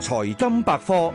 財金百科。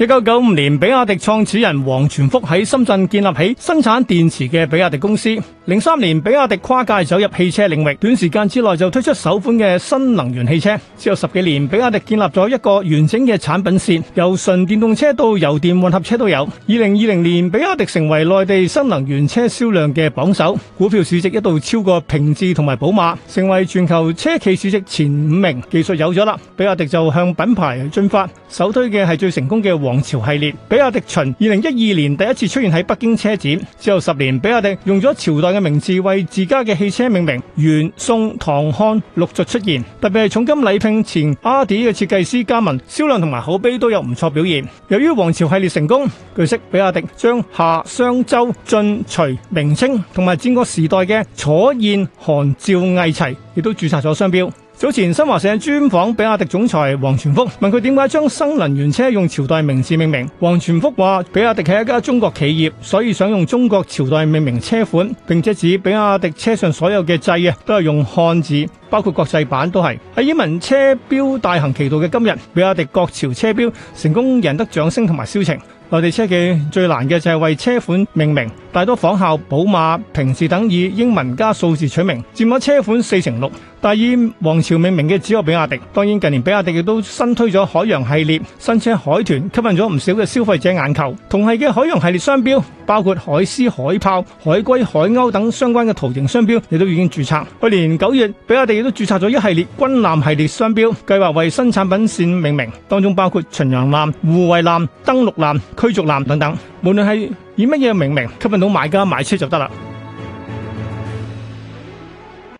一九九五年，比亞迪創始人王傳福喺深圳建立起生產電池嘅比亞迪公司。零三年，比亞迪跨界走入汽車領域，短時間之內就推出首款嘅新能源汽車。之後十幾年，比亞迪建立咗一個完整嘅產品線，由純電動車到油電混合車都有。二零二零年，比亞迪成為內地新能源車銷量嘅榜首，股票市值一度超過平治同埋寶馬，成為全球車企市值前五名。技術有咗啦，比亞迪就向品牌進發，首推嘅係最成功嘅王。王朝系列，比亞迪秦，二零一二年，第一次出現喺北京車展，之後十年，比亞迪用咗朝代嘅名字為自家嘅汽車命名，元、宋、唐、漢陸續出現，特別係重金禮聘前阿迪嘅設計師加盟，銷量同埋口碑都有唔錯表現。由於王朝系列成功，據悉比亞迪將夏、商、周、晉、隋明清同埋戰國時代嘅楚、燕、韓、趙、魏、齊，亦都註冊咗商標。早前新華社專訪比亞迪總裁王傳福，問佢點解將新能源車用朝代名字命名。王傳福話：比亞迪係一家中國企業，所以想用中國朝代命名車款，並且指比亞迪車上所有嘅掣啊，都係用漢字，包括國際版都係。喺英文車標大行其道嘅今日，比亞迪國潮車標成功贏得掌聲同埋銷情。內地車企最難嘅就係為車款命名，大多仿效寶馬、平治等以英文加數字取名，佔咗車款四成六。但係以王朝命名嘅只有比亞迪，當然近年比亞迪亦都新推咗海洋系列新車海豚，吸引咗唔少嘅消費者眼球。同係嘅海洋系列商標，包括海獅、海豹、海龜、海鷗等相關嘅圖形商標，亦都已經註冊。去年九月，比亞迪亦都註冊咗一系列軍艦系列商標，計劃為新產品線命名，當中包括巡洋艦、護衛艦、登陸艦、驅逐艦等等。無論係以乜嘢命名，吸引到買家買車就得啦。